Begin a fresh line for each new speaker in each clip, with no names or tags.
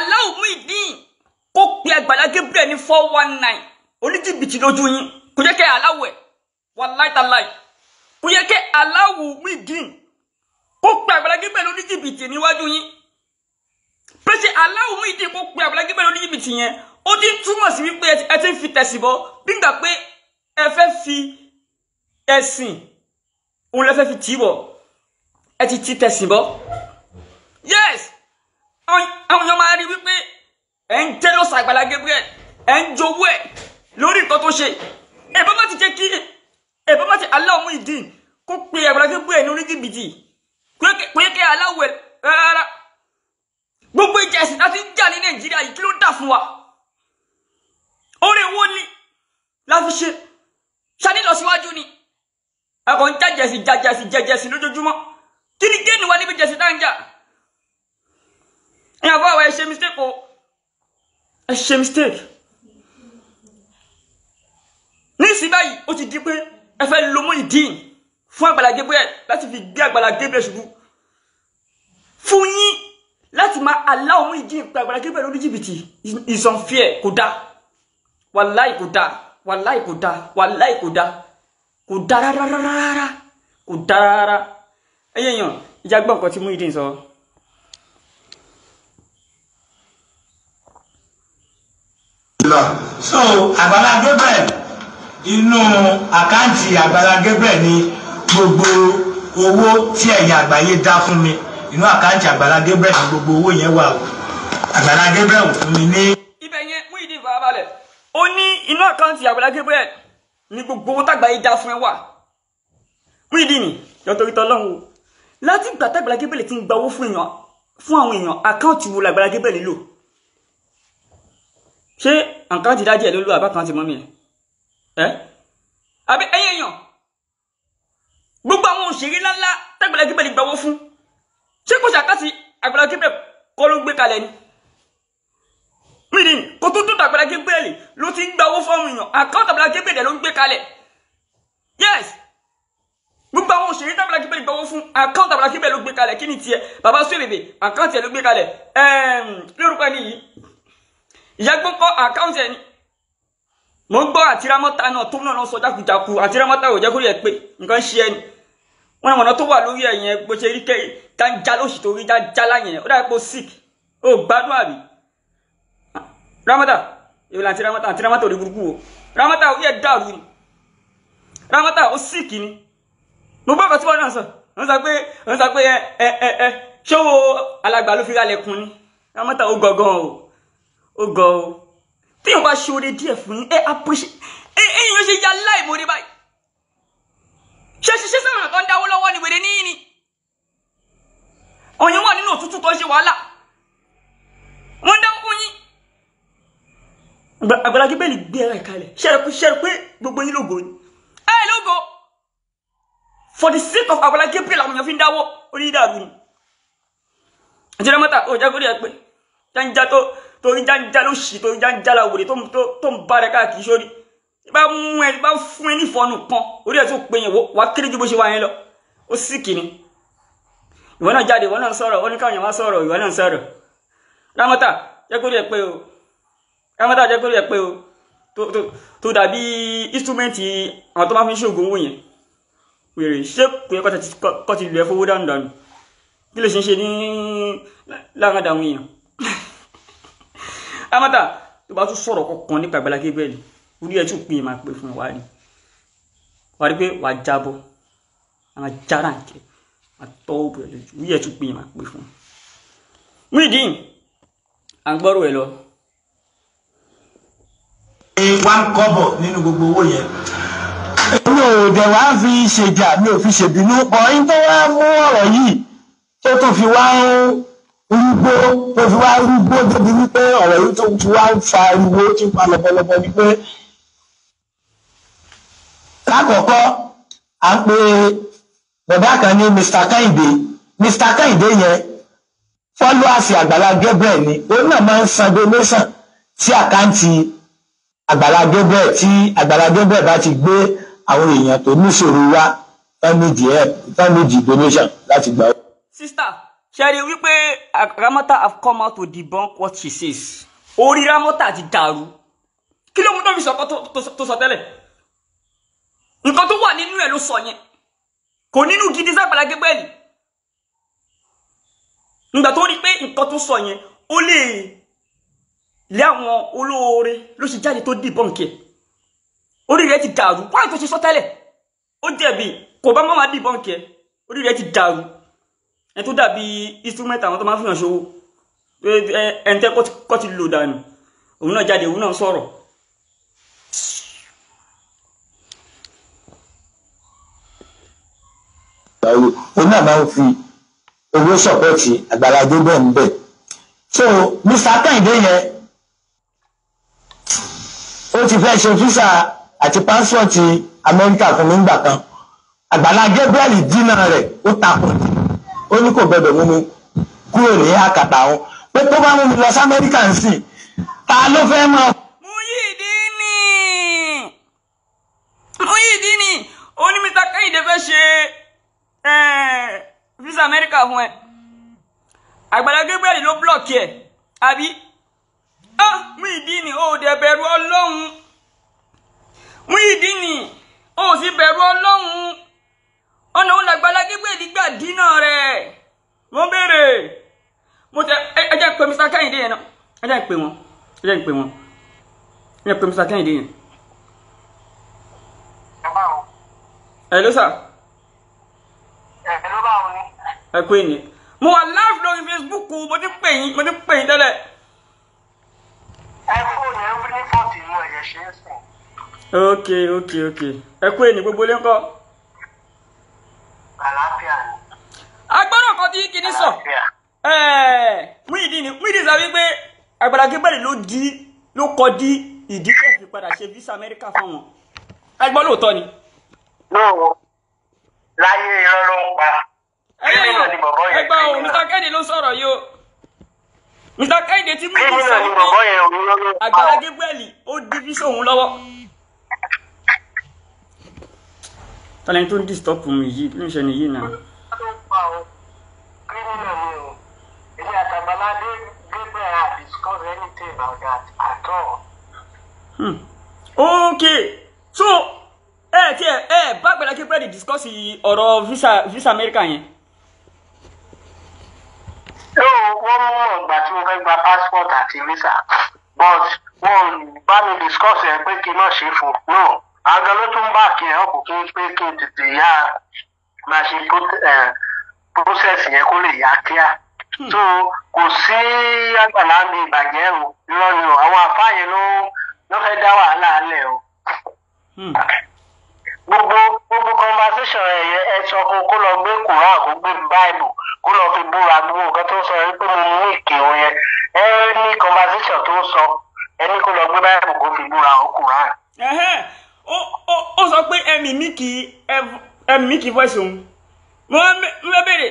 aláwọ̀ Muyideen kó pe Àgbàlá Gabriel ní four one nine oníjìbìtì lójú yín kò yẹ kẹ́ aláwọ̀ ẹ̀ wallahi tallahi kò yẹ kẹ́ aláwọ̀ Muyideen kó pe Àgbàlá Gabriel oníjìbìtì níwájú yín pèsè aláwọ̀ Muyideen kó pe Àgbàlá Gabriel oníjìbìtì yẹn ó ti túmọ̀ sí wípé ẹ ti ń fi tẹ̀sìbọ́ bí gbà pé ẹ fẹ́ fi ẹ̀sìn òun lẹ fẹ́ fi tì í bọ̀ ẹ ti ti tẹ̀sìbọ́ yes àwọn èèyàn máa rí wípé ẹ̀ ń jealous Àgbàlá Gabriel ẹ̀ ń jowó ẹ̀ lórí nǹkan tó ṣe ẹ̀bọ́n má ti jẹ́ kí ẹ̀bọ́n má ti aláwọ̀ mú ìdí kó pe Àgbàlá Gabriel ní orí jìbìtì kó yẹ kí aláwọ̀ ẹ̀ rárá gbogbo ìjà ẹ̀sìn láti ń jà ní Nàìjíríà yìí kí ló dà fún wa oore wo ni la fi ṣe ṣáni lọ síwájú ni ẹ̀kọ́ ń jàjẹ̀sì jàjẹ̀sì jẹ̀jẹ̀sì lójoojúmọ́ kí ni géènì wa níbi jẹ̀sì tá ń jà ẹ bọ́ àwọn ẹ ṣe mistake o ẹ mistake. mistake nísìnyí báyìí o ti di pé ẹ fẹ́ lo Muyideen fún Agbala Gabriel láti fi gbé Agbala Gabriel ṣubú fún yín láti máa aláwọ̀ Muyideen pé Agbala Gabriel lórí jìbìtì is unfair kò dáa wàláì kò dáa wàláì kò dáa ra. kò dáa kò dáa rárá rárá kò dáa rárá ẹ̀yẹ̀yàn ìjà gbọ́ nǹkan tí Muyideen sọ. So.
lọ.
so àgbàlá Gabriel inú àkáǹtì àgbàlá Gabriel ni
gbogbo owó tí ẹ̀yin àgbáyé dá fún mi inú àkáǹtì àgbàlá Gabriel ni gbogbo owó yẹn wà o àgbàlá Gabriel ò fún mi ní. ibẹ̀ yẹn mú ìdí ìfarabalẹ̀ ó ní inú àkáǹtì àgbàlá Gabriel ni gbogbo owó tàgbáyé dá fún ẹ wà mú ìdí ni yọtọrí tọlọ́run láti gbà tàgbàlá Gabriel ti ń gba owó fún àwọn èèyàn àkáǹtì wo làgbàlá Gabriel lò ṣé nǹkan ti dájẹ́ ló lù àbá kan ti mọ́mí ẹ̀ ẹ́ àbí ẹ̀yìn èèyàn gbogbo àwọn òṣèré ńláńlá tẹ́gbẹ̀lẹ́ gbígbẹ̀ lè gbawó fún ṣé kò ṣàkàtì Agbala Gabriel kọ́ ló gbé kalẹ̀ ni mìíràn kò tó tó Agbala Gabriel ló ti ń gbawó fọ́ọ̀mù èèyàn àkáǹtì Agbala Gabriel ló ń gbé kalẹ̀ yes gbogbo àwọn òṣèré tí Agbala Gabriel gbawó fún àkáǹtì Agbala Gabriel ló gbé kalẹ̀ kí ni tiẹ̀ bàbá sọ èbèbè àkáǹtì ẹ̀ ló gbé kalẹ̀ lórúkọ ẹni yìí ìyá gbọ́n kọ́ àkáǹtì ẹni mo ń gbọ́ àtirámọ́ta náà tó náà sọ jákujàku àtirámọ́ta ò jẹ́ kó yẹ pé nǹkan ṣe ẹni wọn ìmọ̀nà tó wà lórí ẹ̀yìn bó ṣe rí kẹ́yìn tá ń já lóṣù tó rí já já láyẹn ó dàbí pé ó sick ó gbádùn àbí rámọ́tà èwo la àtirámọ́ta àtirámọ́ta ò rí burúkú o rámọ́tà ó yẹ dàrú ni rámọ́tà ó sick ni mo gbọ́ àkọsíwọ́n náà sọ wọ́n sọ pé wọ́n sọ pé ẹ ó gọ o tí yóò bá ṣoore díẹ̀ fún yín ẹ appreciate ẹ ẹ̀yin ló ṣe ya láìmọ̀ọ́rẹ́ báyìí ṣe ṣiṣẹ́ sẹ́wọ̀n kan dáwó lọ́wọ́ ni wèrè níyìn ni ọ̀yìn wà nínú òtútù tó ń ṣe wàhálà wọ́n ń dáwó fún yín. Agbala Gabriel gbé ara ẹ̀ kalẹ̀ ṣẹ́rẹ̀ pé gbogbo yín lógo ni ẹ lógo for the sake of Agbala Gabriel àwọn èèyàn fi ń dáwó orí dàrú ni. ìjọba mọ́ta ò jágórí ẹ pé jáńjá to torí jáńjá ló ṣì torí jáńjá la wèrè tó ń bá rẹ káàkiri sórí bá mú ẹ bá fún ẹ nífọ̀nù kan orí ẹ tó pe yẹn wá kéré ju bó ṣe wá yẹn lọ ó sì kìíní ìwọ náà jáde ìwọ náà sọ̀rọ̀ ó ní káwọn yẹn wá sọ̀rọ̀ ìwọ náà sọ̀rọ̀ ramọta jẹ́ kórè ẹ pé o ramọta jẹ́ kórè ẹ pé o tó dàbí instrumenti àwọn tó bá fi ṣoògùn owó yẹn wèrè ṣé kò yẹ kọ́ ti lu ẹ fowó dáńdánù kí lè ṣe ń ṣe ní láàrin àdàwọn èèyàn amata tó bá tún sọ̀rọ̀ kankan nípa Àgbàlá Gabriel orí ẹ̀ tún pín in máa pè fún wa rí wa rí pé wàá jábọ̀ àwọn jára nkẹ àtọwọ́ bẹ̀rẹ̀ lójú orí ẹ̀ tún pín in máa pè fún. Muyideen à ń gbọ́rọ̀ ẹ̀ lọ. one kọ́bọ̀ nínú gbogbo owó yẹn mi ò dẹ̀ wá fi ṣèjà mi ò fi ṣèbínú kọ́ ẹ̀ ń tó wá mú ọ̀rọ̀ yìí tó tún fi wá ń rúgbó tó fi wá rúgbó débi wípé ọ̀rọ̀ yìí tó fi wá ń fa ariwo tí ń pa lọ́pọ̀lọpọ̀ wípé lákọ̀ọ́kọ́ à ń pe bàbá kan ní Mr. Kẹ́hìndé Mr. Kẹ́hìndé yẹn fọ́lọ́àsì àgbàlá Gabriel ni òun náà máa ń san donation sí àkáǹtì àgbàlá Gabriel tí àgbàlá Gabriel bá ti gbé àwọn èèyàn tó níṣòro wá tán nídìí donation láti gbà ó. sister ṣẹ́ni wípé Ramata have come out to debunk what she says orí Ramata ti dàrú kí ló mú tó fi sọ tó sọ tẹ́lẹ̀ nǹkan tó wà nínú ẹ̀ ló sọ yẹn kò nínú gidi sábàlá gẹ́gbẹ́lì nígbà tó rí pé nǹkan tó sọ yẹn ó lè lé àwọn olóore ló ṣe jáde tó debunk ẹ̀ orí rẹ̀ ti dàrú wáyé tó ṣe sọ tẹ́lẹ̀ ó jẹ̀bi kò bá má má debunk ẹ̀ orí rẹ̀ ti dàrú ẹ tó dàbí instrument àwọn tó máa ń fihàn ṣòwò ẹ ń tẹ́ kọ́ ti lò dànù òun náà jáde òun náà sọ̀rọ̀ ìgbàwó òun náà máa ń fi owó sọ̀pọ̀tì Àgbàlá Gabriel ń bẹ̀. so Mr. Kẹ́hìndé yẹn ó ti fẹ́ ṣe físà àti pásítọ̀tì Amẹ́ríkà fún mi nígbà kan Àgbàlá Gabriel dínà rẹ̀ ó takùn ó ní kò gbọdọ̀ mú mi kúrò ní àkàtà wọn pé tó bá mú mi lọ sí amẹ́ríkà ń sìn ta ló fẹ́ mọ̀. Muyideen Muyideen ó ní Mr. Kẹ́hìndé fẹ́ ṣe visa amẹ́ríkà fún ẹ Àgbàlá Gabriel ló blọọkì ẹ àbí ah Muyideen ó dẹ̀ bẹ̀rù ọlọ́run Muyideen ó sì bẹ̀rù ọlọ́run ọ̀nà òun làgbàlá gbígbé ìdígbà dínà rẹ̀ wọ́n béèrè mo tẹ ẹ jẹ́ pé Mr. Kẹ́hìndé yẹn náà ẹ jẹ́ pé wọn ẹ jẹ́ pé wọn ẹ jẹ́ pé Mr. Kẹ́hìndé yẹn. ẹ ló sà. ẹ ló bá wọn ni. ẹ kú èyí mo wà live lórí Facebook mo ti pè yín mo ti pè yín tẹ́lẹ̀.
ẹ fóònù ẹ wí ní fọ́ọ̀tì inú
ẹ̀yẹ ṣe é sùn. ok ok ok ẹ kú èyí gbogbo lẹ́ńkọ́ àlàáfíà ni. agbọ́dọ̀ kan tí kìíní sọ Muyideen Muyideen sọ wípé Agbala Gabriel ló di ló kọ di ìdí tẹ̀ fi padà ṣe visa Amẹ́ríkà fáwọn ẹgbọ́n lóòótọ́ ni. lóòwò láyé irọ́ ń pa. ẹgbẹ́ ni ẹgbẹ́ o Mr Kẹ́hìndé ló sọ̀rọ̀ yìí o Mr Kẹ́hìndé tí Muyideen sọ wípé Agbala Gabriel ó di visa òun lọ́wọ́. wọn lẹni tó ń disturb mi yìí ló ń ṣe nìyí náà. ok so ẹ ti ẹ ẹ bá Agbala Gabriel dey discuss ọ̀rọ̀ visa visa America yẹn.
yóò
wọ́n mú ọ̀gbà tí mo fẹ́ gba passport àti visa but wọn ò bá mi discuss ẹ pé kí n náà ṣe fún náà. agora eu tomo barquinho, porque a gente ya tudo de já, mas a gente processinho so kò sí àgbàlá mi ìbàjẹ́ o irọ́ ni o àwọn afáàyè ló ló fẹ́ dá o. Hmm. gbogbo gbogbo conversation ẹ yẹ ẹ sọ fún kó Bible fi mo
ẹ conversation ó sọ pé ẹ̀mí mi kì í ẹ̀mí mi kì í voice òun wọ́n wọ́n béèrè.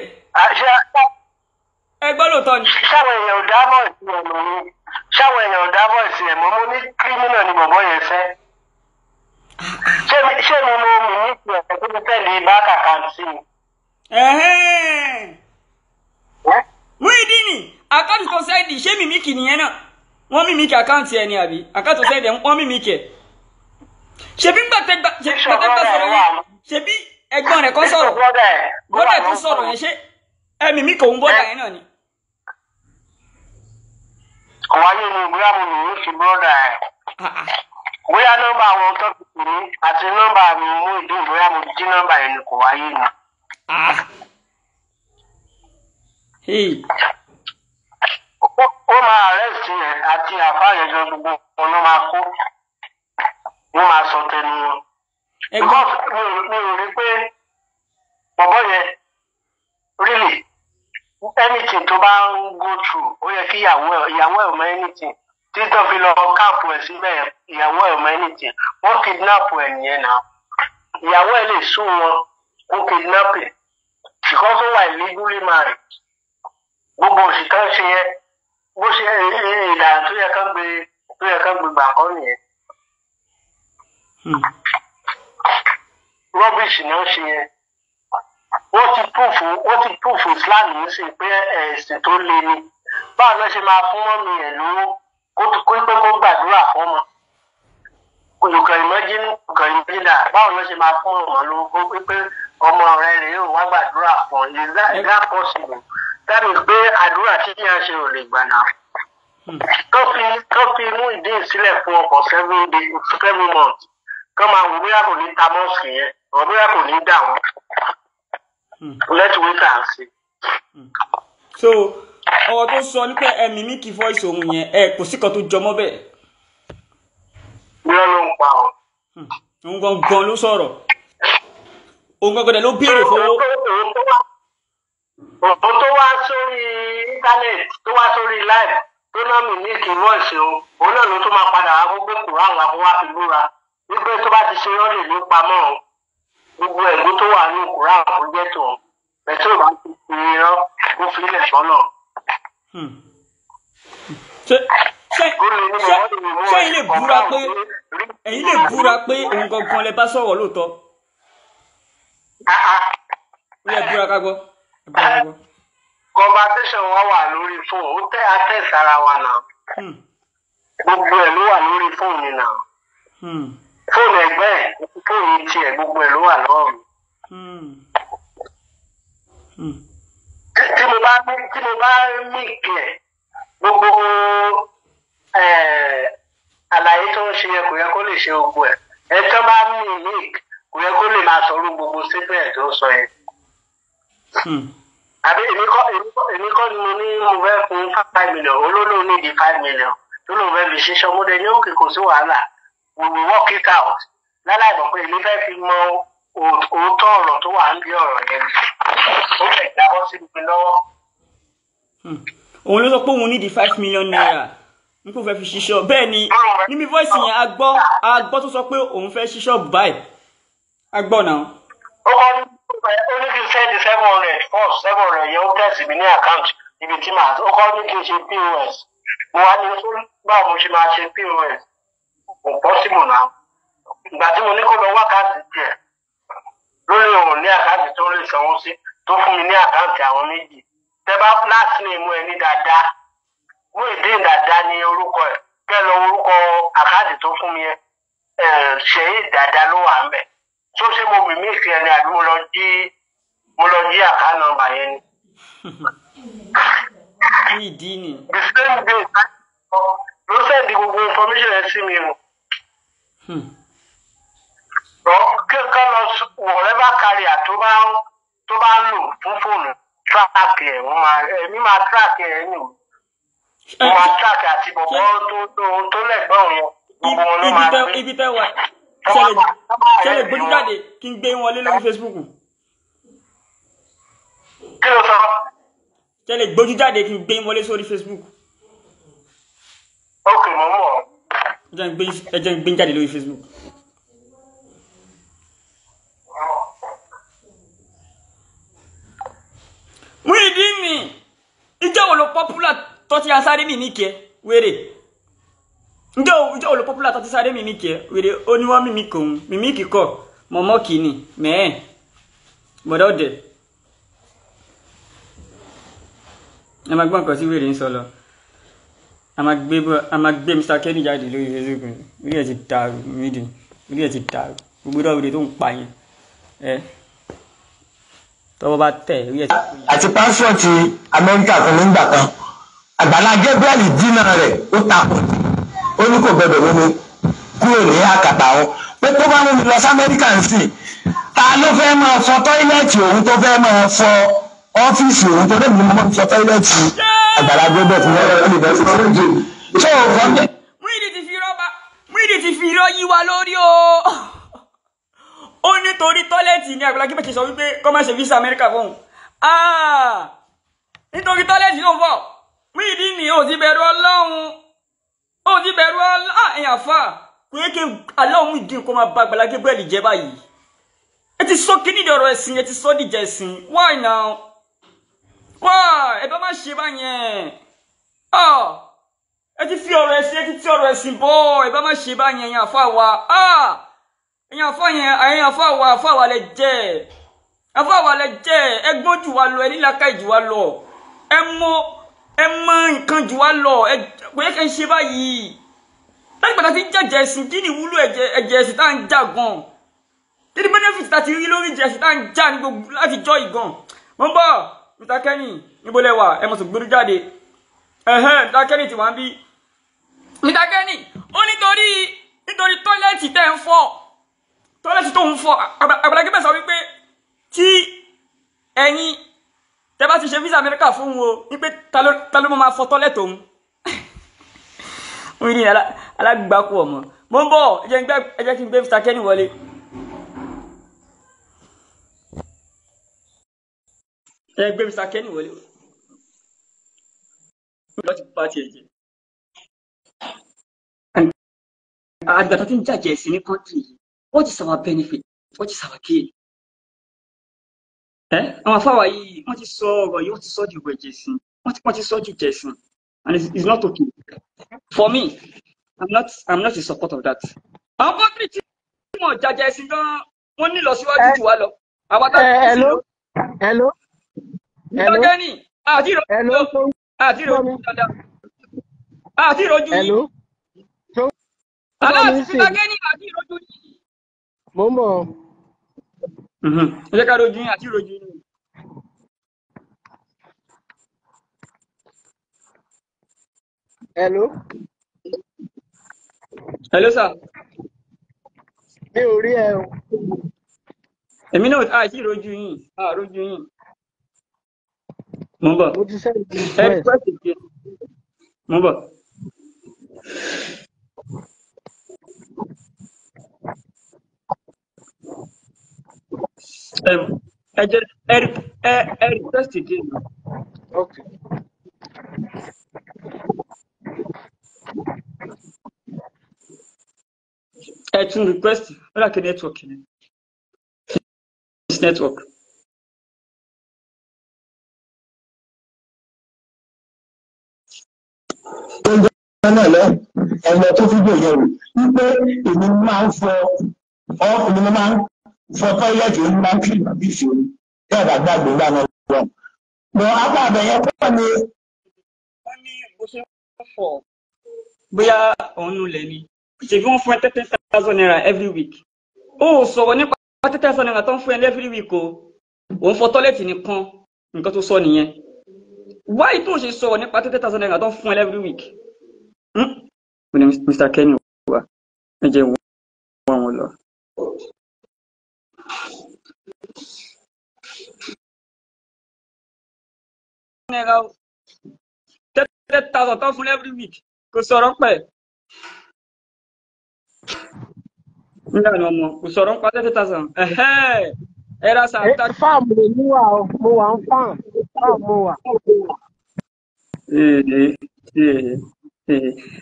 ẹ gbọ́ lóòótọ́ ni. ṣáwọn èèyàn ò dábọ̀ sí ẹ̀ mọ́ mi ṣáwọn èèyàn ò dábọ̀ sí ẹ̀ mọ́ mo ní kírímínà ni
bọ̀bọ̀ yẹn fẹ́. ṣé mi mo mì ní ìpìlẹ̀ tó ti tẹ̀lé báàkà
kan sí mi. Muyideen àkáǹtì tó sẹ́ẹ̀dì ṣé mímíkì nìyẹn náà wọ́n mímíkì àkáǹtì ẹ̀ ni àbí àkáǹtì tó sẹ́ẹ̀dì wọ́n mímíkì ẹ̀ ṣebí gbàtẹ gbàtẹ gbà sọ̀rọ̀ yẹn ṣebí ẹ̀gbọ́n rẹ̀ kọ́ sọ̀rọ̀ bọdà tó sọ̀rọ̀ yẹn ṣé ẹmí mi kò ń bọdà yẹn náà ni. wáyé ni bóyá mo lòún fi bọ́dà ẹ̀ ah, ah.
bóyá nọ́mbà àwọn tó ti pè mí àti nọ́mbà mi mú ìdí bóyá mo jí nọ́mbà yẹn ni kò wáyé ni. Ah. ó máa rẹ́sì ẹ̀ àti àfáàyẹ̀jọ gbogbo ọ̀nà máa kó wọ́n máa sọ tẹnu wọn. because mi ò rí pé bọ̀bọ̀ yẹn really anything tó bá ń go through ó yẹ kí ìyàwó ẹ̀ mọ anything títọ́ fi lọ káàpù ẹ̀ síbẹ̀ ìyàwó ẹ̀ mọ anything wọ́n kidnap ẹ̀ nìyẹn náà ìyàwó ẹ̀ lè sún wọn kó kidnap ẹ̀ because ó wà illegally married gbogbo òṣìṣẹ́ ṣe yẹ bó ṣe ìlànà tó yẹ ká gbé tó yẹ ká gbé gbà kọ́ nìyẹn. Hmm. rọ́bìṣì náà ṣe yẹn ó ti púfù ó ti púfù Islam ń ṣe pé ẹ̀sìn tó le ni báwo ló ṣe máa fún mọ́mi ẹ̀ lówó kó pé kó gbàdúrà fọ́mọ olùkọ́ni mọ́jínú olùkọ́ni mọ́jínà báwo ló ṣe máa fún ọmọ lówó kó pé pé ọmọ rẹ rèé ò wá gbàdúrà fún ọ is that is that possible dábì pé àdúrà tí kí á ṣe ò lè gbà náà hmm. tó fi tó fi mú ìdí ìsílẹ̀ fún ọkọ̀ seven days seven months kán máa wò bóyá kò ní ta mọ́ọ̀sì yẹn ọ̀ bóyá kò ní dà wọ́n
hmm. let's wait and see. Hmm. so ọ̀rọ̀ tó sọ ní pé ẹ̀mí mi kì í fọ́ ìṣòro yẹn ẹ̀ kò sí kan tó jọmọ́ bẹ́ẹ̀. yọ ló ń pa ọ. òun hmm. gangan ló sọ̀rọ̀ òun gangan dẹ̀ ló béèrè fún òun
tó wá sórí íńtánẹ́ẹ̀tì tó wá sórí láìpẹ́ tó náà mi ní kì voice o òun náà ló tún máa padà wá gbogbo kùrọ̀ àwọn àkọ́wá fi búra wípé tó bá ti ṣe ọ́ lè ní pamọ́ gbogbo ẹ̀gbọ́n tó wà ní òkúra àkójẹ́tò pẹ̀tọ́ bá ti fi irọ́ kó filẹ̀ sọ́nà. Hmm.
ṣé ilé búra pé ẹ̀yin lè búra pé nǹkan kan lè bá sọ̀rọ̀ lóòótọ́? ó ah, yẹ ah. búra ká gbọ́ conversation
wa wà lórí fóònù ó tẹ atẹ́sára wa náà hmm. gbogbo ẹ̀ ló wà lórí fóònù náà. Hmm
fóònù ẹ̀gbọ́n ẹ̀ fóònù tiẹ̀ gbogbo ẹ̀ ló wà lọ́rùn.
Hmm. Hmm.
tí mo bá tí mo bá mí kẹ̀ gbogbo àlàyé tó ń ṣe yẹ kò yẹ kó lè ṣe gbogbo ẹ̀ ẹ̀ tó bá mí mí kò yẹ kó lè máa sọ̀rọ̀ gbogbo síbẹ̀ tó sọ yẹn. Hmm. àbí èmi kọ́ èmi kọ́ ni mo ní mo fẹ́ fún five million olólùú ní di five million tó lóun fẹ́ fi ṣiṣọ́ mo dẹ̀ ní òkè kò sí wàhálà we will work it out láláì mọ̀ pé èmi fẹ́ fi mọ òótọ́ ọ̀rọ̀ tó wà níbi ọ̀rọ̀ yẹn ó fẹ́ jábọ́ sí mi lọ́wọ́.
Hmm.
òun ló sọ pé òun nídìí five million naira n kò fẹ́ fi ṣí ṣọ́ọ̀bù bẹ́ẹ̀ ni níbi voice yẹn a gbọ́ a gbọ́ tó sọ pé òun fẹ́ ṣí ṣọ́ọ̀bù báyìí a gbọ́ náà.
ó kọ́ ní ó ní kí n send seven hundred first seven hundred yẹn ó tẹ̀sí mi ní àkáǹtì ibi tí màá ó kọ́ ní kí n ṣe pos mo wá ní báwo mo ṣe máa ṣe pos kò pọ́sibù náà ìgbà tí mo ní kó lọ wákàtí tiẹ̀ lórí òun ní àkáǹtì tó lè sanwó sí tó fún mi ní àkáǹtì àwọn méjì tẹ́bá láti ní ìmú ẹni dáadáa mú ìdí dáadáa ní orúkọ ẹ̀ kẹ́ lọ orúkọ àkáǹtì tó fún mi ẹ̀ ṣe é dáadáa ló wà ń bẹ̀ tó ṣe mo mì mí ìfẹ́ ni àbí mo lọ jí mo lọ jí àkáǹtì nọ́mbà yẹn ni.
ní
ìdí ni. the
same day ló sẹ́ẹ̀dì gbogbo information yẹn sí mi o kíkan lọ wọ̀rẹ́bà kárìà tó bá tó bá ń lò fún fóònù tíráàkì ẹ̀ wọ́n máa ẹ̀mí máa tíráàkì ẹ̀ ní o wọ́n máa tíráàkì àti bọ̀bọ̀ tó tó lẹ́gbọ̀n yẹn
gbogbo wọn ló máa gbé. ibi tẹ́ wà
ṣẹlẹ̀ gbójú jáde
kí n gbé wọn lé lórí Facebook. kí ló sọ. ṣẹlẹ̀ gbójú jáde kí n gbé wọn sórí Facebook. ok mo mọ̀ ẹjẹ́ ń gbé jáde lórí Facebook. Muyideen mi ìjọ wo lo popular tó ti asáré mi mi kẹ́ wéré ǹjẹ́ ìjọ wo lo popular tó ti asáré mi mi kẹ́ wéré ó ní wọ́n mímí kòun mímí kíkọ́ mọ̀mọ́ kìíní mẹ́ẹ̀ bọ̀dọ̀ dẹ̀ ẹ máa gbọ́ nǹkan tí wèrè ń sọ lọ a máa gbé a máa gbé Mr. Kenny jáde lórí Facebook orí ẹ̀ ti dàrú mídìí orí ẹ̀ ti dàrú gbogbo dọ́wọ́dé tó ń pa yẹn ẹ tọ́wọ́ bá tẹ̀ orí ẹ̀ ti. àti pásọ̀tì Amẹ́ríkà kan nígbà kan Àgbàlá Gabriel dínà rẹ̀ ó takò ó ní kò gbọdọ̀ wọ́n mi kúrò ní àkàtà wọn pé tó bá mú mi lọ sí Amẹ́ríkà ń sìn ta ló fẹ́ máa fọ tọ́ílẹ̀tì òun tó fẹ́ máa fọ ọ́fíìsì òun tó dẹ̀ mú mi fọ tọ́ílẹ̀tì. Àgbàlá
Gabriel ti lọ́wọ́ yunifásitì. Ṣé o fọ́n
bẹ́ẹ̀? Muyideen ti fi rọ́bà Muyideen ti fi irọ́ yí wa lórí o. Ó nítorí tọ́lẹ̀tì ni Àgbàlá Gabriel ti sọ wípé kọ́ máa ṣe visa Amẹ́ríkà fóun. Ah! Nítorí tọ́lẹ̀tì ló ń fọ̀. Muyideen ni ò ti bẹ̀rù Ọlọ́run. Ò ti bẹ̀rù Ọlọ́run. Ah, Ẹ̀yà fà pé kí aláwọ̀ Muyideen kó máa ba Àgbàlá Gabriel jẹ́ báyìí. Ẹ ti sọ kí nídìí ọ̀rọ̀ ẹ̀sìn, ẹ ti sọ díjẹ ẹ̀sìn. Why now? wá ẹ bá má ṣe báyẹn ọ ẹ ti fi ọ̀rọ̀ ẹ̀sìn ti ti fi ọ̀rọ̀ ẹ̀sìn bọ ẹ bá má ṣe báyẹn ẹ̀yin àfa wa ẹ̀yin àfa yẹn ẹ̀yin àfa wa àfa wa lẹ jẹ àfa wa lẹ jẹ e gbọ́n jù wá lọ ẹ nílaka jù wá lọ ẹ mọ ẹ mọ nǹkan jù wá lọ ẹ kò yẹ kẹ lo ṣe báyìí láti pàtàkì tí ń jẹjẹ ẹ̀sìn kí ni ìwúlò ẹ̀jẹ̀ ẹ̀sìn tá à ń jà gan kí ni benefit tá ti rí lórí ẹ̀jẹ̀ ẹ̀sìn tá à ń gbogbo láti jọ ìgàn mo ń bọ̀ ntakẹ́ni níbo lẹ wà ẹ mọ̀ sùn gbódú jáde ẹ̀hẹ́n ntakẹ́ni ti wà ń bí ntakẹ́ni ó nítorí nítorí tọ́lẹ́ẹ̀tì tẹ́ ń fọ̀ tọ́lẹ́ẹ̀tì tó ń fọ̀ àgbàlagbẹ́ sọ wípé tí ẹ̀yin tẹ́ bá ti ṣe visa Amẹ́ríkà fún o wípé ta ló máa fọ̀ tọ́lẹ́ẹ̀tì òun wọ́n ní alágbàkú ọmọ mo ń bọ̀ ẹ jẹ́ kí n gbé ntakẹ́ni wọlé.
ẹ gbé Mr. Kenny wọlé wọ́n ti bá tiẹ̀ jẹ́ àgbà tó ti ń jàjẹ́ sí ní kọ́ńtì yìí what is our benefit what is our gain
ẹ àwọn afáwà yìí wọ́n ti sọ ọ̀rọ̀ yìí wọ́n ti sọ ju ìwẹ̀ jẹ̀sìn wọ́n ti sọ ju jẹ̀sìn and it's, it's not okay for me i'm not i'm not in support of that. àwọn bọ́ọ̀lù tí wọ́n jàjẹ́ sí gan-an wọ́n ní lọ síwájú jù wá lọ. hello hello ìtọ́jẹ́ ní àti ìrọ̀jú àti ìrọ̀jú dáadáa àti ìrọ̀jú yìí aláàtí ìtọ́jẹ́ ní àti ìrọ̀jú yìí. mo ń bọ̀. Mhm. ẹ jẹ́ ká rojú yín àti ìrọ̀jú yín. Hello. Hello, sir. Mi ò rí ẹ o. Èmi náà àìsí ìrojú yín,
àìrojú yín.
Mumba. What'd you say? Hey, question.
Mumba. Um,
I just I, I, I requested him. Okay.
I can request, but I can network. It's network. tó ń jẹ́ náà lọ ẹ̀rọ tó fídíò yẹn wò wípé èmi máa ń fọ ọ́ èmi máa ń fọ tọ́ílẹ̀tì èmi máa ń kí ìgbà bíi ìṣòro bẹ́ẹ̀ bá gbàgbé lánàá lọ́wọ́. lọ apá àbẹ̀yẹ pọ̀ ni.
wọ́n ní bó ṣe ń fọ̀ bóyá òun nù lẹ́ni ṣèbí wọ́n fún ẹ thirty thousand naira every week ó sọ̀rọ̀ nípa thirty thousand naira tó ń fún ẹ every week o òun fọ tọ́lẹ̀tì nìkan nǹkan tó sọ nìyẹn why tó ń ṣe sọ̀rọ̀ nípa thirty
thousand naira tó ń fún ẹ every week hmm? mo ní Mr. Kenny wa ẹ jẹ́ wọ́n wọn lọ. naira o thousand every week kò sọ̀rọ̀ pẹ̀.
No, no, no. kò sọ̀rọ̀ ń pa thirty thousand era ra sáà tá.
fáàmù moa ní wà ó moa wà ń fáàmù fáàmù mo wà.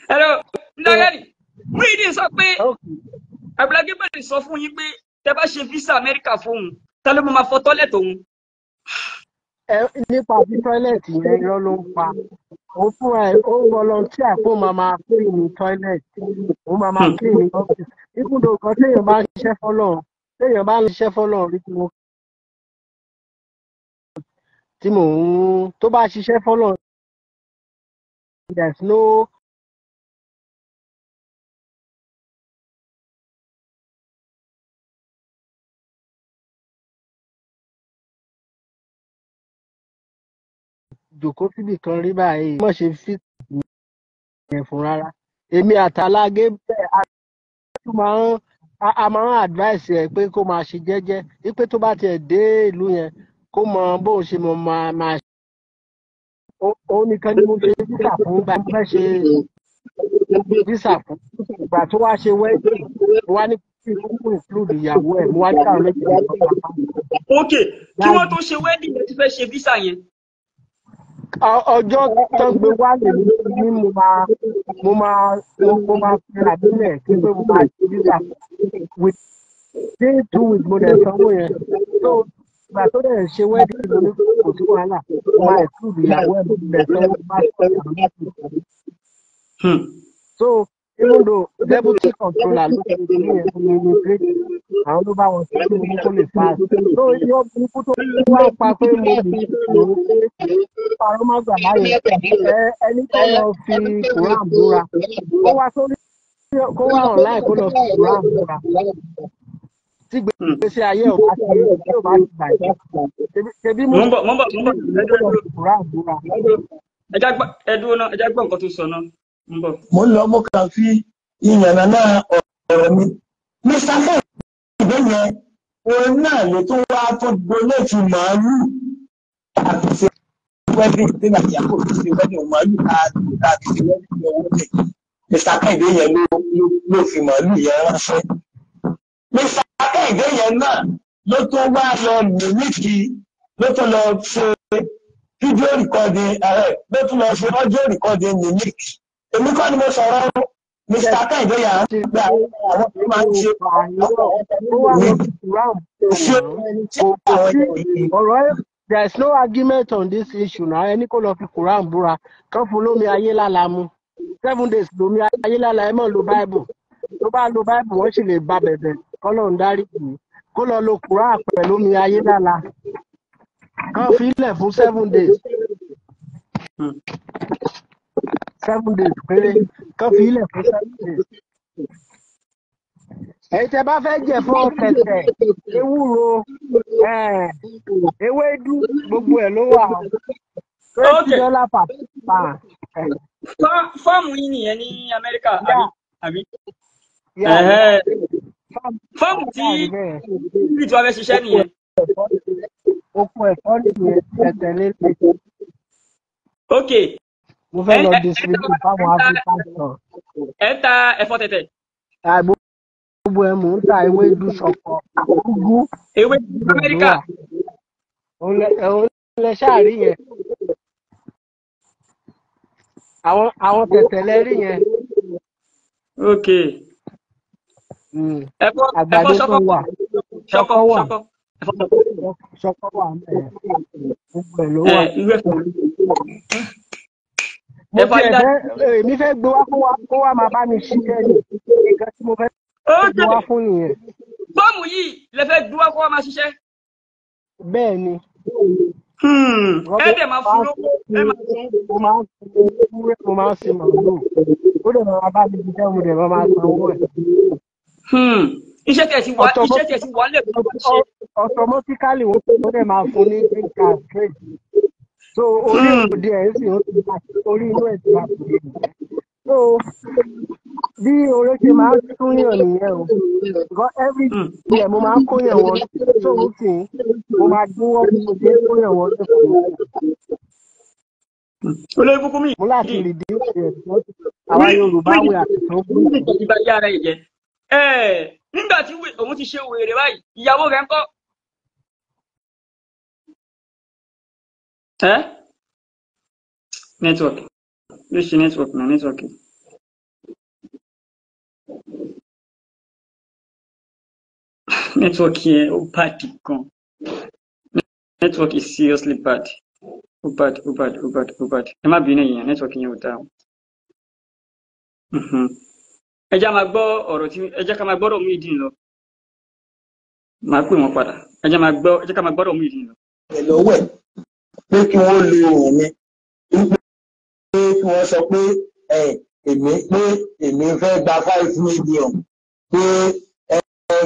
hello ndagari Muyideen oh. sọ pé Abdullah Gabriel sọ fún yín pé tẹ bá ṣe visa Amẹ́ríkà fóun ta ló máa fọ tọ́lẹ̀ tòun.
ẹ nípa bí tọ́lẹ̀tì yẹn irọ́ ló ń pa òun fún ẹ ó volunteer kó máa máa clean ní tọ́lẹ̀tì òun máa máa hmm. clean ní ọ́fíìsì
ibùdó kan téèyàn máa ń ṣiṣẹ́ fọ́lọ́run téèyàn bá ń ṣiṣẹ́ fọ́lọ́run rí tí mo tí mò ń tó bá ṣiṣẹ́ fọ́lọ́run there is no jòkó síbì kan rí báyìí mọ̀ ṣe fíìtì yẹn fún rárá èmi àtàlágé bẹ́ẹ̀ a
tún máa ń a máa ń advice ẹ pé kó máa ṣe jẹ́jẹ́ wípé tó bá tiẹ̀ dé ìlú yẹn kó mọ bóun ṣe mọ máa máa ṣe. òun nìkan ni mo ṣe visa fún gba fẹ́ ṣe visa fún ìgbà tó wá ṣe wedding wá ní kí kúkú include ìyàwó ẹ̀ mo wá ní káwọn méjì ok
kí wọ́n tó ṣe wedding ló ti fẹ́ ṣe visa yẹn
ọjọ́ tó gbé wá lèmi ní mo máa mo máa mo máa fẹ́ra nílẹ̀ kí pé mo máa ṣe nígbà with day two with mo dẹ̀ sanwó yẹn so ìgbà tó dẹ̀ ṣe wedding mo ní kò sí wàhálà mo máa ẹ̀kú ìyàwó ẹ̀ mo dẹ̀ sanwó máa ṣe ìyàwó láti so even though deputy controller ló ṣe ìdílé yẹn fún mi ní àwọn ló bá wọn ṣe kí omi tó lè pa á tó yọ burúkú tó wá pa pé mo lè lò pé parọ́ má gbà láyé ẹni tó lọ fi quran búra kó wá sórí kó wá online kó lọ fi quran búra tí gbèsè ayé ọba ti tí ọba ti gbà yìí
ṣebí mo ń bọ̀ mo ń bọ̀ mo ń ẹ dúró ẹ dúró tó sọ náà
mo ń lọ mo kàn fi ìyànnà náà ọ̀rọ̀
mi mr fún ìbẹ́yẹ òun náà ló tó wá tó donate màálù àti ṣe wedding tí nàìjíríà yàgò fi ṣe wedding màálù àti ṣe wedding owó tẹ̀ mr kẹ́hìndé yẹn ló fi màálù yẹn ránṣẹ́ mr kẹ́hìndé yẹn náà ló tó wá lọ nìyíkì ló tó lọ ṣe fídíò rìkọ́dì eh, ló tó lọ ṣe ọjọ́ rìkọ́dì nìyíkì èmi kọ́ ni mo sọ̀rọ̀ mr kẹ́hìndé yà á àwọn
tó máa ń ṣe ọ̀rọ̀ there is no argument on this issue náà ẹni kò lọ fi Quran búra kán fún lómi ayé lála mu seven days lómi ayé lála ẹ mọ̀ lo bible tó bá lo bible wọ́n sì lè ba bẹ̀bẹ̀ kọ́lọ̀ ń darí kù kó lọ lo Quran pẹ̀lú omi ayé lála kán fi ilẹ̀ fún seven days seven days péré kán fi ilẹ̀ fún seven days. èyí tẹ bá fẹ́ jẹ fún ọ̀tẹ̀tẹ̀ ewúro eh,
ewédú gbogbo ẹ̀ ló wà twenty dollar per pound.
fọ́ọ̀mù yìí nìyẹn ní amẹ́ríkà àbí. fọ́ọ̀mù tí ìrìtú abẹ́ ṣiṣẹ́ nìyẹn.
Oko ẹ̀fọ́ nìyẹn ẹ̀tẹ̀lé lè. Okay mo fẹ́ lọ distribute fáwọn african store.
ẹ ń ta ẹ̀fọ́ tẹ̀tẹ̀.
gbogbo ẹ mò ń ta ewédú ṣọ̀kọ̀ úgú.
ewédú amẹ́ríkà.
òun lẹ ṣáàrí yẹn. àwọn àwọn tẹ̀tẹ̀ lẹ rí yẹn.
ok.
Hmm. ẹ̀fọ́ ẹ̀fọ́ ṣọ̀kọ̀ wà
ṣọ̀kọ̀ wà ṣọ̀kọ̀
wà gbogbo ẹ̀ ló wà. Eh,
mo ti ẹ̀ fẹ́ eh, èmi fẹ́ gbé wá fún wa kó wá máa bá mi ṣiṣẹ́ ni nǹkan tí mo fẹ́ gbé wá fún nìyẹn.
fọ́ọ̀mù yìí lè fẹ́ gbé wá kó wá máa ṣiṣẹ́.
bẹ́ẹ̀ ni. Hmm. ẹ dẹ̀ máa fún lówó ẹ máa fún. mo máa ń sin ewúrẹ́ mo máa ń sin màlúù ó dẹ̀ máa bá mi ṣiṣẹ́ mo dẹ̀ máa san owó ẹ̀.
Hmm. iṣẹ́ tẹ̀sí wà iṣẹ́ tẹ̀sí wà lè fún wa ṣe.
ọ̀tọ̀mọ́tíkálì wọ́n dẹ̀ máa fún ní green card trade so orí òde ẹ̀ sì ń fi orí inú ẹ̀ ti máa pè é so bí oore ṣe máa ń túyàn nìyẹn o because every year mo máa ń kóyàn wọn so ó sì mo máa dúwọ́ bí mo ṣe ń kóyàn wọn sí fún mi. olórí kúkú mi. mo láti
rí di oṣù ẹ̀sán àwa Yorùbá wẹ̀ àtìsán fún mi. nígbà tí òun ti ṣe wèrè báyìí ìyàwó rẹ̀ ń kọ́. ẹ́ nẹ́tíwọ̀kì ló ṣe nẹ́tíwọ̀kì náà nẹ́tíwọ̀kì. nẹ́tíwọ̀kì yẹn ó bad gan nẹ́tíwọ̀kì is seriously bad ó oh, bad ó oh, bad ó oh, bad ó bad ẹ má bínú yẹn nẹ́tíwọ̀kì yẹn ò dáa mhm. ẹ já máa gbọ́ ọ̀rọ̀ tí ẹ já ká máa gbọ́rọ̀ mí pé kí wọ́n lo ohùn mi wípé kí wọ́n sọ pé èmi pé èmi fẹ́ gba five million pé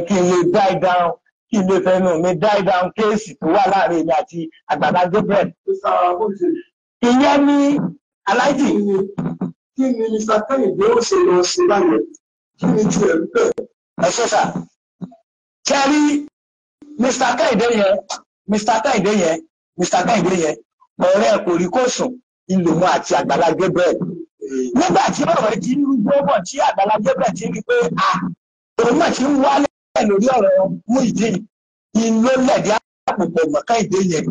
kí n lè die down kí n lè fẹnu mi die down kéèsì tó wà láàrin èmi àti àgbàlá Gabriel. ìyẹn ni aláìjì.
kí ni Mr. Kẹ́hìndé ó ṣe lọ sí báyìí kí ni tiẹ̀ ń bẹ̀. ẹ ṣe sà ṣe rí Mr. Kẹ́hìndé yẹn Mr.
Kẹ́hìndé yẹn Mr. Kẹ́hìndé yẹn ọ̀rẹ́ kò rí kó sùn ìlòmọ àti Àgbàlá Gabriel nígbà tí ọ̀rọ̀ ti ń gbọ́bọ̀ tí Àgbàlá Gabriel ti rí pé a òun náà ti ń wálẹ̀ lórí ọ̀rọ̀ Muyideen ìlò lẹ̀dí àpòpọ̀ mọ̀ká
ìdè yẹn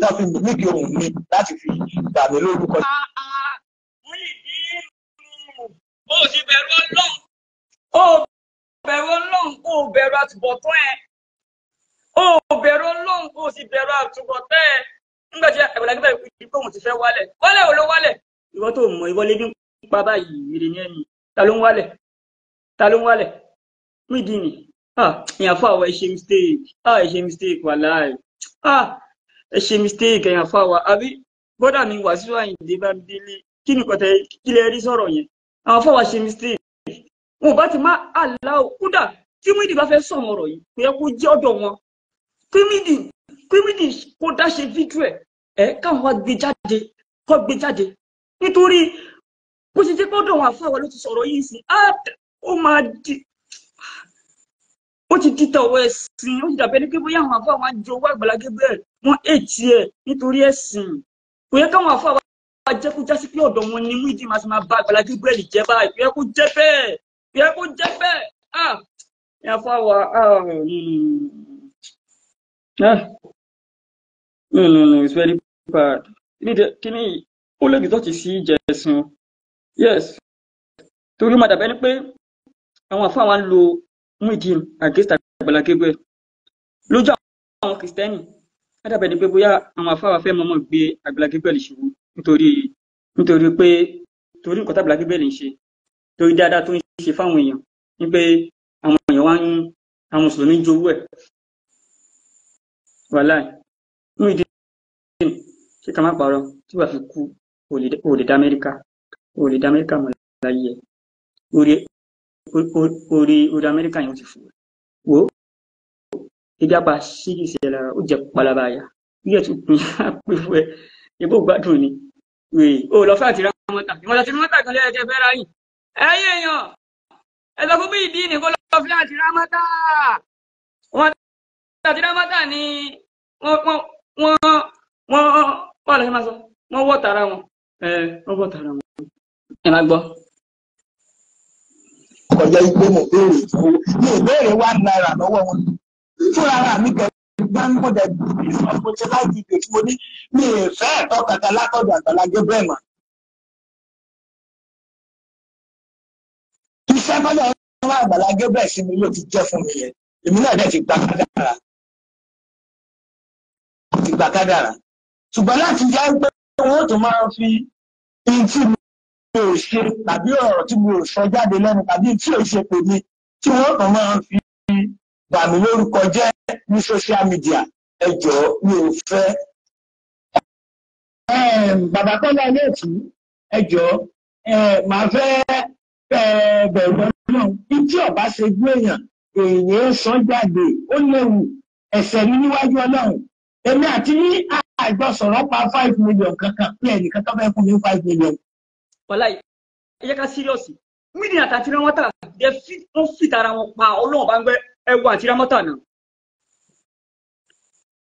tó fi mú níbi ohun mi láti fi gbà mí lórúkọ. ó sì bẹ̀rù Ọlọ́run ó
bẹ̀rù Ọlọ́run kó o bẹ̀rù àtúbọ̀tán ẹ̀. O bẹ̀rù ọlọ́run ó sì bẹ̀rù àtúbọ̀tán ẹ̀ nígbà tí àgbàlagbà ìpè ní pé òun ti fẹ́ wálẹ̀ wálẹ̀ ò ló wálẹ̀ ìwọ tó mọ ìwọ lébi ń pa báyìí ìrìn ní ẹni ta ló ń wálẹ̀ ta ló ń wálẹ̀ mídìí ni ah èèyàn fún àwọn ẹ mistake ah ẹ ṣe mistake wàláì ah ẹ ṣe mistake èèyàn fún àwọn àbí bọ́dà mi Wàsíù Àyìndé bá mi délé kí ni kọ̀tẹ́ kí lè rí sọ̀rọ̀ yẹn àwọn fún àwọn ṣe mistake wọn ò bá ti má àlá kódà tí mídìí bá fẹ́ sọ̀rọ̀ yìí kò yẹ kó jẹ́ ọ̀dọ̀ wọn Primidi Primidi kó dá ṣe fídíò ẹ̀ ẹ̀ káwọn wá gbé jáde kọ́ gbé jáde nítorí bó ṣe jẹ́ pọ́dọ̀ wọn àfáwọn ló ti sọ̀rọ̀ yìí sí ó máa di ó ti dìtà ọwọ́ ẹ̀sìn ó ti dàbẹ́ ní pé bóyá àwọn àfáwọn jẹ owó Àgbàlá Gabriel wọn èjì ẹ̀ nítorí ẹ̀sìn kò yẹ káwọn àfáwọn wa jẹ́ kó jásí pé ọ̀dọ̀ wọn ni Muyideen ti máa ti máa bá Àgbàlá Gabriel jẹ́ báyìí kò yẹ kó jẹ́ bẹ́ẹ̀ kò yẹ kó jẹ́ bẹ́ẹ̀ ah
ẹ̀ àfáwọn ah Ah, no, no, no, it's very bad. Lídẹ̀ kíní ó lè rìsọ́ọ̀tì sí ìjẹsìn. Yes, torí ó máa dàbẹ́ ni pé àwọn àfáà wa ń lo
Muideen against Àgbàlá Gabriel. Lójú àwọn Kìrìsìtẹ́nì, á dàbẹ́ ni pé bóyá àwọn àfáà wa fẹ́ mọ́mọ́ gbé Àgbàlá Gabriel ṣòwò nítorí nítorí pé torí nǹkan tí Àgbàlá Gabriel ń ṣe torí dáadáa tó ń ṣe fáwọn èèyàn ni pé àwọn èèyàn wa ń àwọn mùsùlùmí jowú ẹ̀ wàláì Muyideen ṣé ká má parọ́ tí wàá fi kú ò lè dá Amẹ́ríkà
ò lè dá Amẹ́ríkà mọ̀ láyé ẹ̀ orí orí orí Amẹ́ríkà yẹn ó ti fò wò ó ebi apá síríìsì ẹ̀ lára ó jẹ́ palaba àyà
yíyẹ tó pin àpéwò ẹ̀ ìbò gbádùn ni wèé o lọ fẹ́ àti rẹ mọ́tà ìmọ̀lá ti mọ́tà kan lẹ́yìn ẹ̀jẹ̀ bẹ́ẹ̀rẹ̀ yìí ẹ̀yìn èèyàn ẹ̀ lọ fún Muyideen kó lọ fẹ́ àti rẹ mọ́tà àti ramata ni wọ́n wọ́n wọ́n wọ́n wọ́n lọ́sẹ̀ máa sọ wọ́n wọ́ tara wọn ẹ wọ́n wọ́ tara wọn ẹ máa gbọ́. ọ̀yọ́ ìgbé mo béèrè ìdúró mi ò béèrè one naira lọ́wọ́ wọn fúnra ara mi kẹ gbàǹgbọ̀dẹ̀ ìfọ̀kọ̀
ṣe láì fi pè fún mi mi ò fẹ́ ẹ̀tọ́ kàkà látọ̀dọ̀ Àgbàlá Gabriel mọ́. iṣẹ́ kọ́lọ́ ọ̀rọ̀ Àgbàlá Gabriel sí mi ló ti jẹ́ fún mi yẹn èmi náà dẹ̀ ti gbà kádàrà gba kádàrá ṣùgbọ́n láti yá gbé wọn tó máa fi in tí mi ò ṣe tàbí ọ̀rọ̀ tí mi ò sọ jáde lẹ́nu tàbí tí ò ṣe pè mí tí wọ́n kàn máa fi bà mí lórúkọ jẹ́ ní social media ẹ jọ̀ọ́ mi ò fẹ́. bàbá kọ́lá ilé ẹ̀tún ẹ jọ̀ọ́ màá fẹ́ bẹ̀rù ọlọ́run bí tí ọba ṣe gbé èèyàn
èèyàn sọ jáde ó léwu ẹ̀ṣẹ̀ ní níwájú ọlọ́run èmi àti ní àjọ sọ̀rọ̀ pa five million kankan pé ẹnìkan tó fẹ́ fún mi five million. wàláì ẹ jẹ́ ká síríọ̀sì mídìí àtàtì ramọ́tà dẹ wọ́n fi tara wọn pa
ọlọ́run bá ń gbẹ ẹwọ àti ramọ́tà náà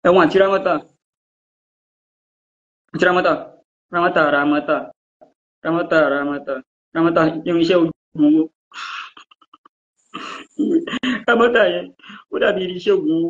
ẹwọ àti ramọ́tà àti ramọ́tà ramọ́tà ramọ́tà ramọ́tà ramọ́tà ramọ́tà irinṣẹ́ ogun owó
ramọ́tà yẹn ó dàbí irinṣẹ́ ogun owó.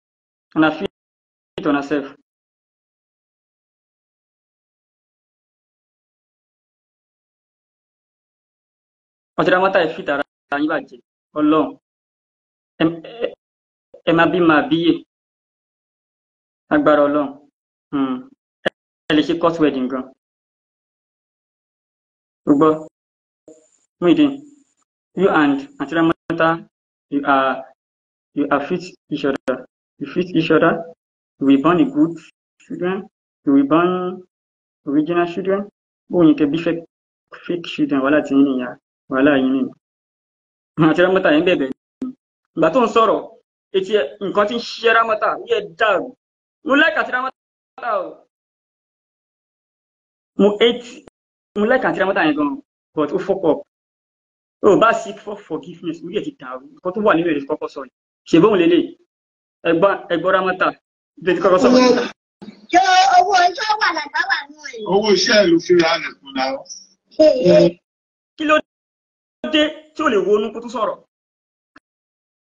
fit. safe. Tunafit on ourselves. ọ̀tẹ̀dámọ́tà ìfìt ara yín bàjẹ́ ọlọ́run ẹ máa bí máa bíyè agbára ọlọ́run ẹ lè ṣe cost wedding gan gbogbo Muideen you and ọ̀tẹ̀dámọ́tà you are you are fit each other. We fit each other, we born a good children, we born original children, bóun yìí kẹ bí fake fake children wàhálà tí yín nìyà wàhálà yín nìyà. àti rámọ́tà yẹn bẹ̀bẹ̀ ni ìgbà tó ń sọ̀rọ̀ etí nǹkan tí ń ṣe rámọ́tà yẹ dàrú mo like àti rámọ́tà o mo hate mo like àti rámọ́tà yẹn gan but ó fuck up o bá seek for forgiveness orí ẹ̀ ti dàrú nǹkan tó wà nínú ẹ̀ lè
kọ́kọ́ sọ yìí ṣèbóun lélẹ̀ ẹ̀gbọ́n ẹ̀gbọ́n ramata bíi kọ́kọ́ sọ. ṣé owó iṣẹ́ wà lágbá wà
nù ẹ̀. owó iṣẹ́ ló fi ra nìkan náà. kí ló dé tí ò lè ronú kó tún sọ̀rọ̀.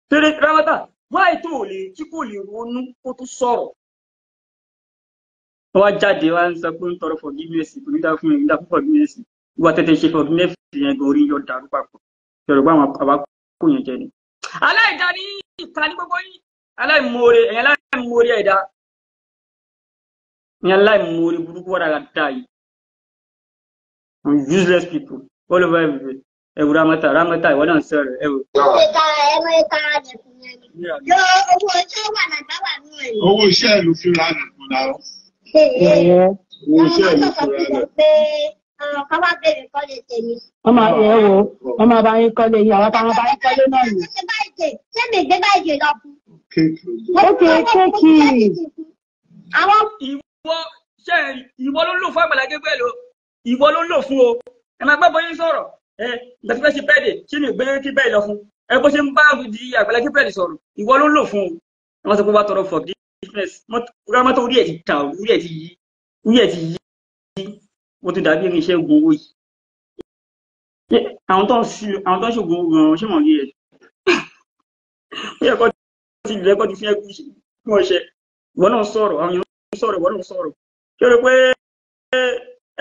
péré ramata wáyé tó lè tí kò lè ronú kó tún sọ̀rọ̀.
wọ́n jáde wá ń sọ pé ń tọrọ forgiveness kò ní dá fún mi dá fún forgiveness wọ́n tètè ṣe
forgiveness yẹn gan orí yọ dàrú papọ̀ yorùbá àwọn àbákò yẹn jẹ ni. aláìdáni ìta ní gbogbo yín aláìmoore ẹ̀yìn aláìmoore ẹ̀dá ẹ̀yìn aláìmoore burúkú wàrà dáadáa yìí and useless
people all over everywhere ẹ̀wù ramata ramata ìwọ náà ń sọ̀rọ̀ ẹ̀wù.
owó iṣẹ́ ìlú fi ra nìkan
náà. owó iṣẹ́ ìlú fi ra nìkan. Kọ́ máa Wọ́n máa yẹ wo, wọ́n máa bá yín kọ́lé yín, àwọn táwọn bá yín kọ́lé náà yìí.
Ṣé
mi kéèkì. Àwọn. Ìwọ ṣe ìwọ ló lò fún Àgbàlá Gabriel o, ìwọ ló lò fún o. Ẹ máa gbọ́ bóyá sọ̀rọ̀. Ẹ ìgbà tí fẹ́ ṣe bẹ́ẹ̀dẹ̀, ṣé mi gbé kí bẹ́ẹ̀ lọ fún? Ẹ bó ṣe ń bá di Àgbàlá Gabriel sọ̀rọ̀, ìwọ ló lò fún o. Ẹ máa sọ pé wàá tọrọ forgiveness
ó ti dàbí irinṣẹ́ ogun owó yìí àwọn tó ń ṣe àwọn tó ń ṣògùn owó gan-an ṣé wọ́n rí ẹ̀
ó yẹ kó ti lè kó ti fi ẹkú kí wọ́n ṣe wọ́n náà sọ̀rọ̀ àwọn èèyàn sọ̀rọ̀ wọ́n náà sọ̀rọ̀ kí ó rí pé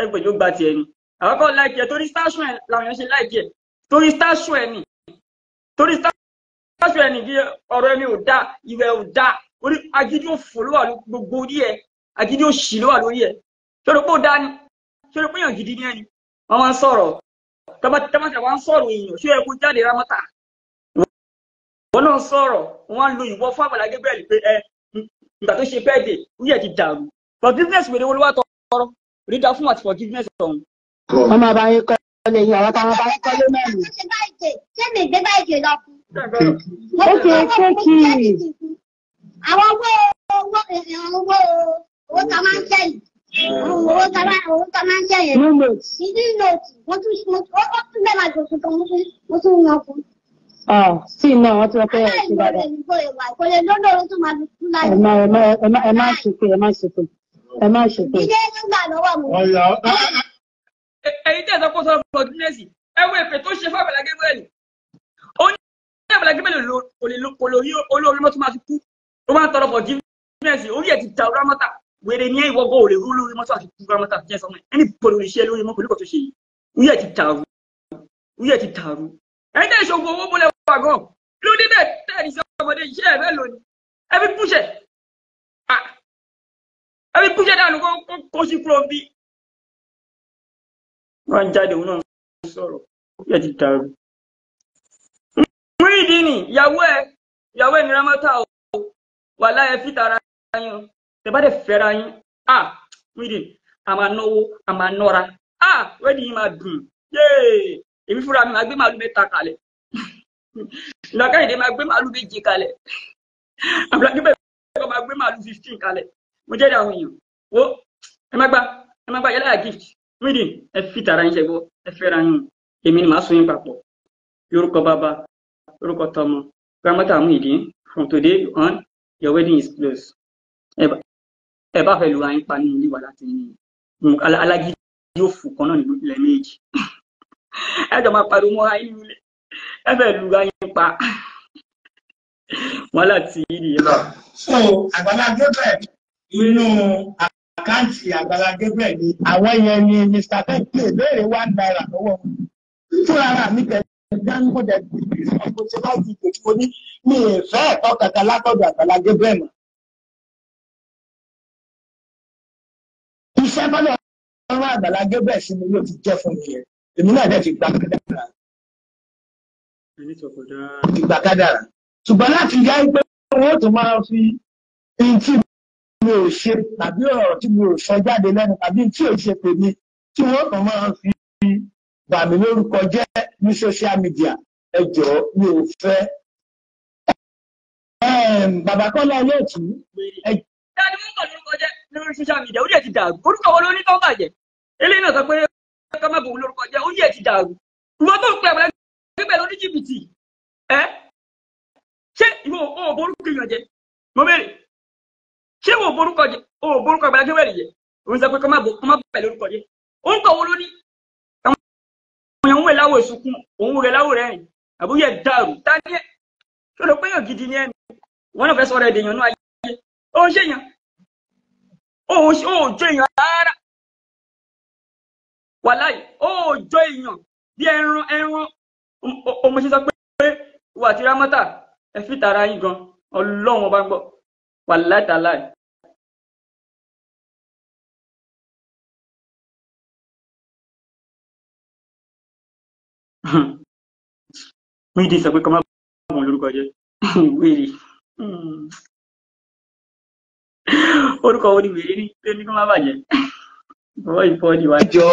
ẹgbẹ̀jọ gba tiẹ̀ ni àwọn kan láìkí ẹ torí stáṣù ẹ làwọn èèyàn ṣe láìkí ẹ torí stáṣù ẹ nì torí stáṣù ẹ nì bí ọ̀rọ̀ ẹni ò dáa ìwẹ̀ ò dáa orí agídí òfò ló wà gbogbo orí ẹ agídí òṣì ló wà lórí ẹ kí ó rí pé ó dáa ni ṣé o pé èèyàn gidi ní ẹni wọn máa ń sọ̀rọ̀ tọmọtẹ wọn ń sọ̀rọ̀ èèyàn ṣé ẹkú jáde rámọta wọn náà sọ̀rọ̀ wọn lo ìwọ fún Àgbàlá Gabriel pé ẹ ìgbà tó ṣe bẹ́ẹ̀ dé ó ti dàrú forgiveness wèrè wọn ló wà tọrọ rí da fún àti forgiveness ọ̀hún. wọn máa bá yín kọ́ lè yàn àwọn táwọn bá yín kọ́ lé mẹ́rin. ṣé mi gbé báyìí lọ fún. ó
ṣe kéèkì. àwọn owó owó owó owó ta máa ń tẹ̀lé
àwọn owó tá a máa ń jẹ yẹn
ìdí nọ́ọ̀tì wọ́n tún mo ó tún bẹ́ẹ̀ máa jòkó kan mo tún mo tún yan fún.
sí iná wọn ti lọ pé ẹ ti bàdà. kò lè lọ́dọ̀ ló tún máa fi láyé. ẹ má ẹ má ẹ má ẹ má ṣèpè ẹ má ṣèpè ẹ má ṣèpè. jíjẹ́ nígbà lọ́wọ́ mi. ẹyin tí ẹ̀sán kó sọ fún ọdún nẹ́ẹ̀sì ẹ wo èpè tó ṣe fún Àgbàlá Gabriel ó ní Àgbàlá Gabriel kò lè olórí mọ́tò máa fi kú wèrè ní ìwọ gbọ́ òrè rú lórí mọ́tò àti kúrú mọ́tò àti jẹ́sọ́mọ́ ẹni pọ̀lú iṣẹ́ lórí mọ́ pẹ̀lú kọ̀tún ṣe yìí wúyẹ̀ ti
tààrú wúyẹ̀ ti tààrú. ẹni tẹ́ ìṣòwò owó bọ́lẹ̀ wà gan ló dé bẹ́ẹ̀ tẹ́ ẹni sọ́kọ̀ ọmọdé iṣẹ́ ẹ̀ bẹ́ẹ̀ lónìí ẹ fi kúṣẹ̀ ẹ fi kúṣẹ̀ dànù kó sí kúrò bí. wọ́n jáde òun náà sọ̀rọ̀ wúyẹ̀ ti tààrú. múrídìí ni ìyàwó ẹ
ìyàwó ẹ nira mọ́tà ò wà láyé fìtara yan tẹ bá dẹ fẹ́ra yín a wíìdì a máa náwó a máa nọ́ra a wẹ́ẹ̀dì yín máa dùn yéè èmi fúnra mi máa gbé màálù mẹ́ta kalẹ̀ ìlàkàyèdè máa gbé màálù méje kalẹ̀ àbúlákẹ́bẹ̀ kọ́ máa gbé màálù fifteen kalẹ̀ mo jẹ́rìí àwọn èèyàn wo ẹ má gbà ẹ má gbà yálà yà gift wíìdì ẹ fi tara yín ṣe gbọ́ ẹ fẹ́ra yín èmi ni màá sún yín papọ̀ yorùkọ bàbá yorùkọ tọmọ Grandmother Muideen, from today on, your wedding is closed ẹ bá fẹ́ lu ayé pa ní ilé wa láti ní alágídí yóò fò kan náà nílùú ilẹ̀ méjì ẹ jọ máa pariwo mọ́ ayé lulẹ̀ ẹ fẹ́ lu ayé pa wọn láti yí nìyẹn. so Àgbàlá Gabriel inú àkáǹtì Àgbàlá Gabriel ni àwọn yẹn ni Mr. bentley léèrè wá náírà lọ́wọ́
fúnra rà mí tẹ̀lé dánwó dẹ̀ bí ìfọ̀kùnṣe láti ìdòtí mo ní mi ì fẹ́ ẹ̀kọ́ kankan látọ̀dọ̀ Àgbàlá Gabriel mọ́. iṣẹ́ tọ́lọ̀ ọ̀rọ̀ àgbàlá gébẹ̀ sí mi yóò ti jẹ́ fún mi yẹn èmi náà dẹ̀ ti gba kádàrà. ti gba kádàrà ṣùgbọ́n láti yá pé wọ́n tó máa fi ntí mi ò ṣe tàbí
ọ̀rọ̀ tí mi ò sọ jáde lẹ́nu tàbí tí ò ṣe tèmi tí wọ́n tó máa fi bà
mí lórúkọ jẹ́ ní social media ẹ jọ̀ọ́ mi ò fẹ́. bàbá kọ́lá ilé ìtú. ìdájọ́ mú kàn lórúkọ jẹ́ lórí
social media ó yẹ ti dàrú orúkọ wọn lórí kọ́ bàjẹ́ eléyìí náà sọ pé ká má bòun lórúkọ jẹ́ ó yẹ ti
dàrú ìwọ tó ń pè àwọn ẹgbẹ́ lórí jìbìtì ẹ ṣé ìwọ ò borúkọ yàn jẹ mo béèrè ṣé ìwọ borúkọ jẹ ò borúkọ àgbàlá kí wẹ́rẹ̀ jẹ òun sọ pé ká má bẹ̀ lórúkọ jẹ orúkọ wo ló ní àwọn
èèyàn ń wẹ̀ láwọ̀ ìsunkún òun rẹ̀ láwọ̀ rẹ̀ rìn àbúyẹ dàrú
òòjọ́ èèyàn rárá wàláì òòjọ́ èèyàn
bí ẹran ẹran ọmọ ṣe sọ pé ìwà àti rámọ́tà ẹ fi
tara yín gan ọlọ́run ọba ń gbọ́ wàláì tàláì. mídìí sọ pé kọ́má bọ̀ wọn lórúkọ jẹ́ wíìrì orúkọ wo ni wèrè ní
pé ní kí wọ́n bàjẹ́ bọ́ọ̀ ìfọ́ ni wà. ìjọ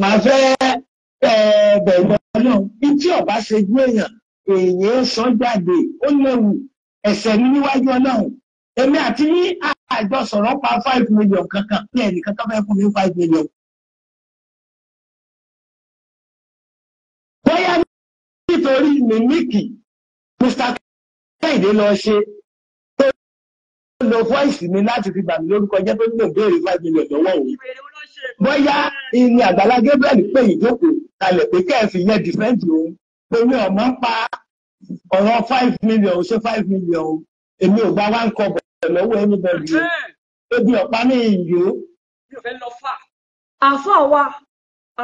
màá fẹ́ bẹ̀rù ọlọ́run bí tí ọba ṣe gbé èèyàn èèyàn sọ jáde ó
léwu ẹ̀ṣẹ̀ ní níwájú ọlọ́run èmi àti ní àjọ sọ̀rọ̀ pa five million kankan ní ẹnìkan tó fẹ́ fún mi five million. bóyá nítorí mímíkì Mr. Kẹ́hìndé lọ ṣe lo voice mi láti fi bà mí lórúkọ jẹ́ pé
mo béèrè five million lọ́wọ́ òun bóyá ìní àgbàlá Gabriel pé ìjókòó kalẹ̀ pé kẹ́ẹ̀fì yẹn dìfẹ́ǹtì òun pé mi ò mọ̀ pa ọ̀rọ̀ five million ṣé five million èmi ò bá wá ń kọ bọ̀ lọ́wọ́ anybody o ebi ọ̀pá ní ìyó. mi ò fẹ́ lọ fà àfa wa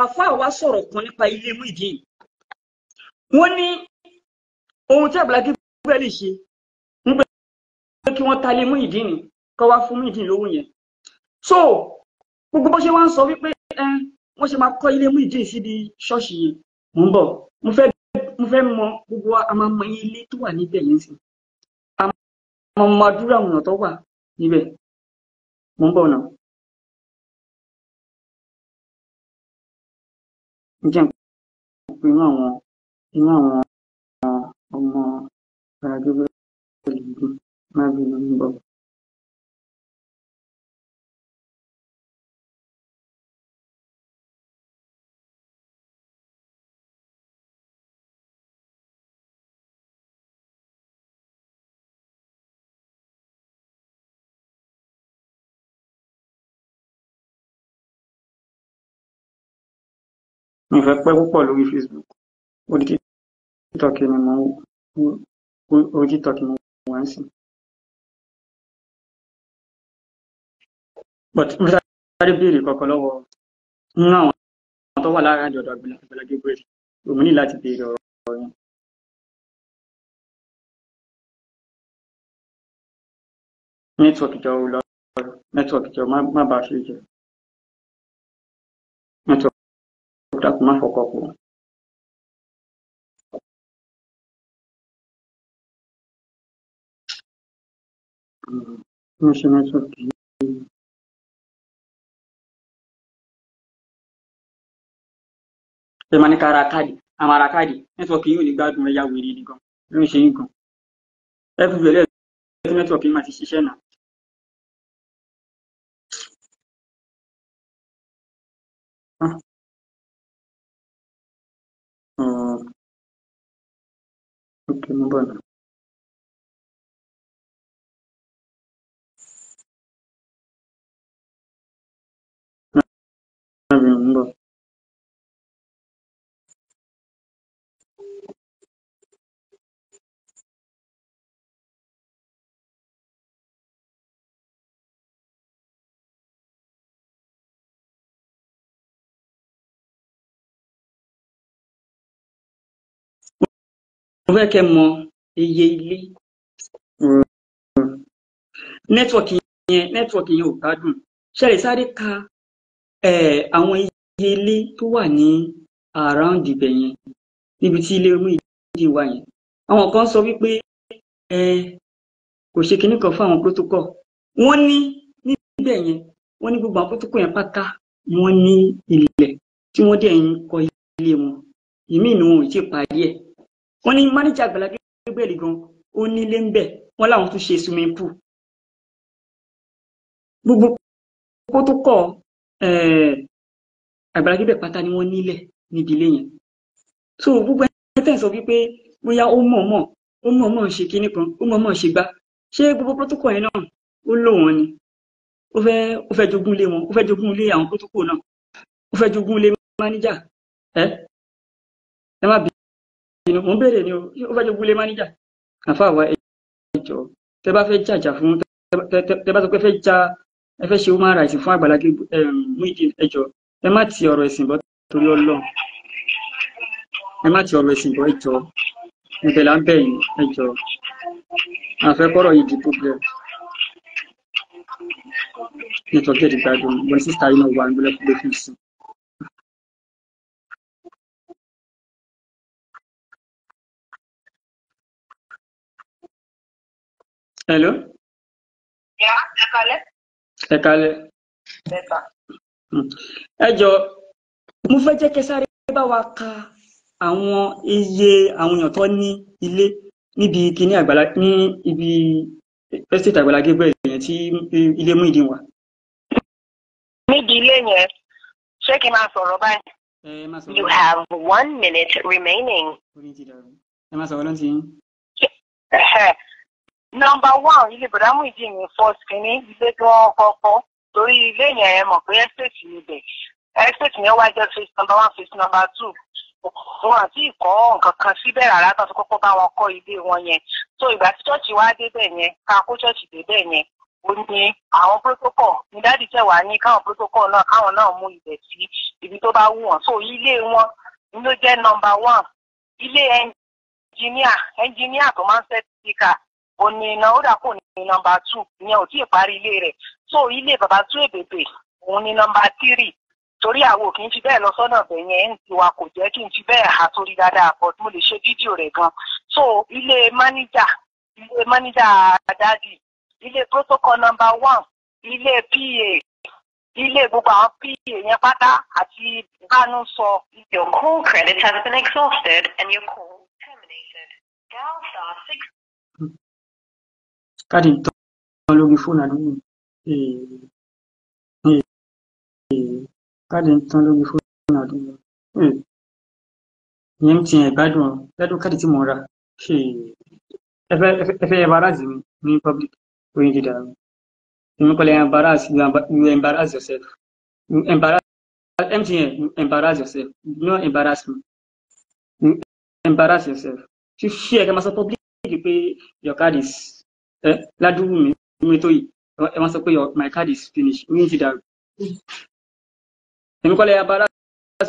àfa wa sọ̀rọ̀ kan
nípa ilé mú ìdí wọ́n ní ohun tí àgbàlá Gabriel ṣe pé kí wọ́n talé mú ìdí ni kọ́ wá fún ìdí lówó yẹn
so gbogbo bó ṣe wá ń sọ wípé wọ́n ṣe máa kọ́ ilé mú ìdí síbi
ṣọ́ọ̀ṣì yẹn mò ń bọ̀
mo fẹ́ mọ gbogbo a máa mọ ilé tó wà níbẹ̀ yẹn sí
a máa mọ àdúrà ọ̀nà tó wà níbẹ̀ mò ń bọ̀ náà. ǹjẹ́ nǹkan inú àwọn inú àwọn ọmọ gbàgbé na vida ìfẹ́ pẹ́ púpọ̀ lórí Facebook orí TikTok ni mo orí TikTok ni mo wá ń sìn but mo sáré béèrè kọ́kọ́ lọ́wọ́ nínú àwọn tó wà lára àjọ̀dọ̀ Agbala Gabriel òun ní láti béèrè ọ̀rọ̀ yẹn. nẹ́tíwọ̀kì jọ lọ nẹ́tíwọ̀kì jọ má bàa fi jẹ nẹ́tíwọ̀kì dàkú má fọkọ̀ pọ̀. Mm-hmm. ẹ máa ní ká ara káàdì àwọn ara káàdì nẹ́tíwọ́ọ̀kì yìí ò ní gbádùn ẹ̀yà wèrè ni gan ló ń ṣe yín gan everywhere lẹ́yìn nẹ́tíwọ́ọ̀kì máa ti ṣiṣẹ́ náà. Okay, move on. mo fẹ́ kẹ́ mọ iye ilé nẹ́tíwọ̀kì yẹn nẹ́tíwọ̀kì yẹn ò gbádùn
ṣẹlẹ̀ sáré ka àwọn iye ilé tó wà ní around ibẹ̀ yẹn níbi tí ilé omi ìdí wà yẹn àwọn kan sọ wípé kò ṣe kinní kan fún àwọn protocol wọ́n ní níbẹ̀ yẹn wọ́n ní gbogbo àwọn protocol yẹn pátá wọ́n ní ilẹ̀ tí wọ́n dẹ̀ ń kọ́ ilé wọn ìmí ìnú wọn ò
tí ì parí ẹ̀
wọ́n ní mánéjà Àgbàlá Gabriel gan ó
nílé ń bẹ̀ wọ́n láwọn tún ṣe swimming pool gbogbo kó tó kọ̀ Àgbàlá Gabriel pátá ni wọ́n nílẹ̀ níbi ilé
yẹn so gbogbo ẹni tẹ̀ sọ wípé bóyá ó mọ̀ọ́mọ̀ ó mọ̀ọ́mọ̀ ṣe kinní kan ó mọ̀ọ́mọ̀ ṣe gbá ṣé gbogbo protocol yẹn náà ó lò wọ́n ni ó fẹ́
ó fẹ́ jogún ilé wọn ó fẹ́ jogún ilé àwọn protocol náà ó fẹ́ jogún ilé máníjà ẹ ẹ má bí mo ń bèrè ni o ó bá jẹ́ wúlé máníjà àfa àwa ẹjọ tẹ bá fẹ́ jàjà fún tẹ bá sọ pé fẹ́ ja ẹ fẹ́ ṣe
human rights fún Àgbàlá Muideen ẹjọ e ẹ má ti ọ̀rọ̀ ẹ̀sìn bọ́ torí Ọlọ́run ẹ má ti ọ̀rọ̀ ẹ̀sìn bọ́ ẹjọ ẹ̀bẹ̀ là ń bẹ̀ yín ẹjọ
e àfẹ́kọ́rọ̀ yìí di problem nítorí ẹ̀dìgbàdùn wọn sísá iná wà ń gbọ́lẹ́kùn lófin sí i. Hello? Yeah, ẹ kalẹ́. ẹ kalẹ́. Hmm. ẹ jọ mo fẹ́ jẹ́ kẹ́ sáré bá wa
ka àwọn iye àwọn èèyàn tó ní ilé níbi kíní àgbàlá ní ibi estate àgbàlá Gabriel yẹn tí ilé mú ìdí wà.
níbi ilé yẹn ṣé kí n máa sọ̀rọ̀ báyìí. You have one minute remaining.
ẹ máa sọ̀rọ̀ lọ́ntì yín
nọmba one ilé bọ̀dá Muyideen ní first kínní ilé tí wọ́n kọ́kọ́ torí ilé yẹn ẹ mọ̀ pé estate níbẹ̀ estate yẹn wá jẹ́ face number one face number two wọn àti ìkọ́ nǹkan kan síbẹ̀ rárá tó kọ́kọ́ bá wọn kọ́ ilé wọn yẹn so ìgbà tí chọ́ọ̀chì wá débẹ̀ yẹn ká kó chọ́ọ̀chì débẹ̀ yẹn ó ní àwọn protocol ní dáàdì tẹ̀wá ní káwọn protocol náà káwọn náà mú ibẹ̀ sí ibi tó bá wù wọ́n so ilé wọn ló jẹ́ number one ilé ẹnjìníà ẹnjìníà tó máa ń sẹ́tíkà ó iná ó dà ní nọ́mbà two ìyẹn ò tí ì parí ilé rẹ̀ so ilé bàbá tún èbèbè òun ní nọ́mbà tírì torí àwo kì í fi bẹ́ẹ̀ lọ sọ́nà bẹ̀ yẹn ń tiwa kò jẹ́ kí n fi bẹ́ẹ̀ hà torí dáadáa but mo lè ṣe fídíò rẹ̀ gan so ilé máníjà ilé máníjà dádì ilé protocol number one ilé pa ilé gbogbo àwọn pa yẹn pátá àti bánú sọ. Your call
credit has been exhausted
and your call terminated. Dial star
six káàdì ìtọ́ni lórí fóònù àdúgbò káàdì ìtọ́ni lórí fóònù àdúgbò eh, ìyẹn mtn ìgbádùn lẹ́dún káàdì tí mo ra ẹ fẹ́ embarrass mi ní public oyin dídá mi èmi pẹ̀lú embarrass you
embarrass yourself you embarrass mtn you embarrass yourself you no embarrass me you embarrass yourself ṣíṣe ẹ̀ka máa sọ public pé your card is ẹ ládùúgbò mi mi tó yìí ẹ wọ́n sọ pé my card is finished mi ti dàrú èmi kọ́lẹ̀ embarrass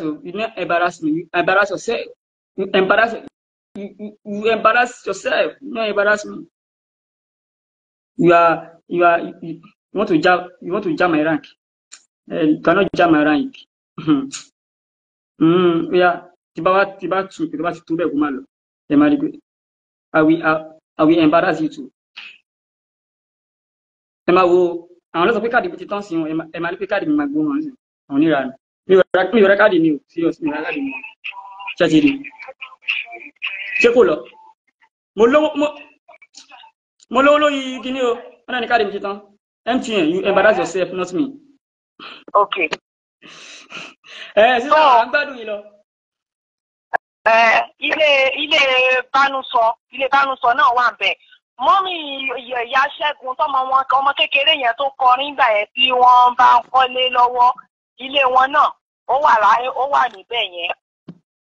you you no embarrass me you embarrass yourself you embarrass you you embarrass yourself you no embarrass me
you are you are you, want to jam you want to jam my rank you cannot jam my rank Hmm. yeah tí bá wá tí tu tí ti tu bẹ́ẹ̀ kó má lọ ẹ má rí pé i will i will embarrass you too ẹ máa wo àwọn lọ́sọ̀ pé káàdì mi ti tán sí wọn
ẹ máa ní pé káàdì mi máa gbó wọn sí àwọn oníra mi mi yọra káàdì mi ò serious mi yọra káàdì mi ṣe ti rí ṣé kò lọ mo lówó mo lówó lórí kíní o wọn náà ní káàdì mi ti tán MTN you embarrass yourself not me. ok. ẹ ẹ sísọ àgbàdo yìí lọ.
ilé ilé bánusọ ilé bánusọ náà wà bẹ́ẹ̀ mọ́mì ìyá ṣẹ́gun tọmọ wọn ọmọ kékeré yẹn tó kọrin nígbà yẹn tí wọ́n bá kọ́lé lọ́wọ́ ilé wọn náà ó wà láyé ó wà níbẹ̀ yẹn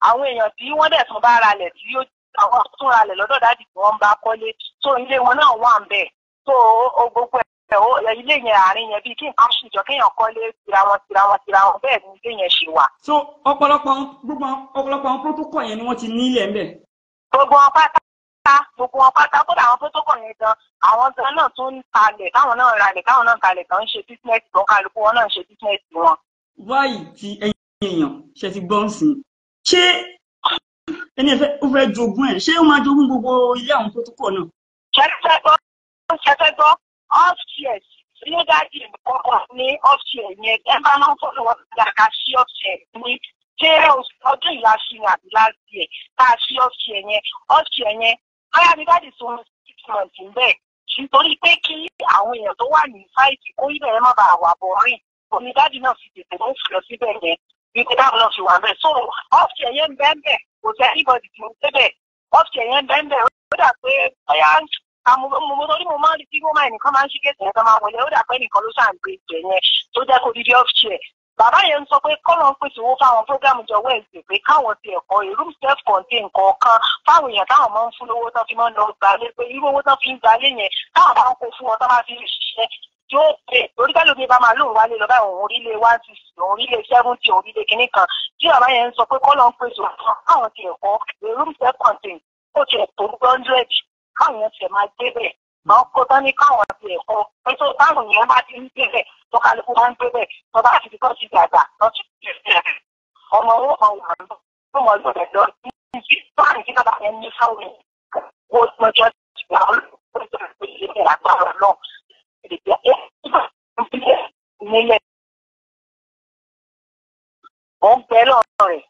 àwọn èèyàn tí wọ́n dẹ̀ tún bá ara lẹ̀ tí yóò àwọn tún ra lẹ̀ lọ́dọ̀ dáàdì tí wọ́n bá kọ́lé tó ilé wọn náà wà ń bẹ̀ tó o gbogbo ẹ̀ ilé yẹn àárín yẹn bíi kí nǹkan ṣùjọ
kéèyàn kọ́lé tira wọn tira wọn tira wọn bẹ́ẹ̀ ni ilé yẹn ṣe wà. so ọ̀pọ̀lọpọ̀ gbogbo ọ̀pọ̀lọpọ̀ protocol yẹn ni wọ́n ti ní ilẹ̀ ń bẹ̀. gbogbo wọn pátá gbogbo wọn pátá kódà àwọn
protocol yẹn gan àwọn gan náà tún ń talẹ̀ káwọn náà ralẹ̀ káwọn náà kalẹ̀ kan ń ṣe business kan kálukú
wọn náà ń ṣe business wọn. wáyìí ti ẹyin èèyàn ṣe ti gbọ́ nsìn ṣé ẹni ẹfẹ ó fẹ́ jogún ẹ̀ ṣé ó máa jogún gbogbo ilé àwọn protocol náà.
ṣẹ́fẹ́ gbọ́ ṣẹ́fẹ́ gbọ́ off shares ilé dájú ìkọ̀kọ̀ ní off share yẹn ẹ bá máa ń fọ́nà wọn gbàgbà sí off share ní ṣé ọdún ìyá ṣe àbí láti ẹ̀ tá a ṣí ọ̀ṣì ẹ̀yẹn ọ̀ṣì lọ́yà mi dáàdì tó ń six months ń bẹ̀ nítorí pé kí àwọn èèyàn tó wà ní sáìtì kó ibẹ̀ yẹn má bàa wà bọ̀ rìn omi dáàdì náà fi tètè ló ń fi lọ síbẹ̀ yẹn wípé dáàbò náà fi wà bẹ́ẹ̀ so ọ́fíì ẹ̀yẹ ń bẹ́ẹ̀ kò sí anybody tí mo débẹ̀ ọ́fíì ẹ̀yẹ ń bẹ́ẹ̀ ó dà pé bóyá torí mo máa ń rí tí mo máa ẹnìkan máa ń ṣí kéèsì yẹn kan máa wọlé ó dà pé ẹnìkan ló ṣàǹgbé ìgbẹ́ yẹn tó jẹ́ kó dídí ọ́fíì ẹ̀ bàbá yẹn ń sọ pé kọ́nà ń pèsè owó fáwọn programu jọ Wednesday pé káwọn ti ẹ̀kọ́ ìlú self contain kọ̀ọ̀kan fáwọn èèyàn táwọn máa ń fún lówó tán fi máa ń lọ gbalé pé irú owó tán fi ń gbalé yẹn táwọn bá ń kó fún wọn tán bá fi ń ṣiṣẹ́ yóò pè lórí kálukú bá máa lóun wálé lọ báyìí orílẹ̀ one sixty orílẹ̀ seventy orílẹ̀ kínní kan tí bàbá yẹn ń sọ pé kọ́nà pèsè owó fáwọn ti ẹ̀kọ́ ìlú self contain ó ti ẹ̀kọ́ hundred káwọn yẹn ti máa gbé bẹ̀ máa kó tán ní káwọn ti ẹ̀kọ́ tọ́kálukú máa ń bẹ́ẹ̀ tọ́ba àti tọ́ ti dàgbà lọ́tún ti ẹ̀ ọmọ owó kan wà ló mọ lọ́dẹ̀ lọ níbi báyìí kí bàbá yẹn ní fáwọn owó lọ́jọ́ ìgbà olùkọ́
tó ń pè é lágbára náà ìdìbò ẹ̀ ń bí ẹ̀ nílẹ̀. ó ń bẹ lọ́rọ̀ rẹ̀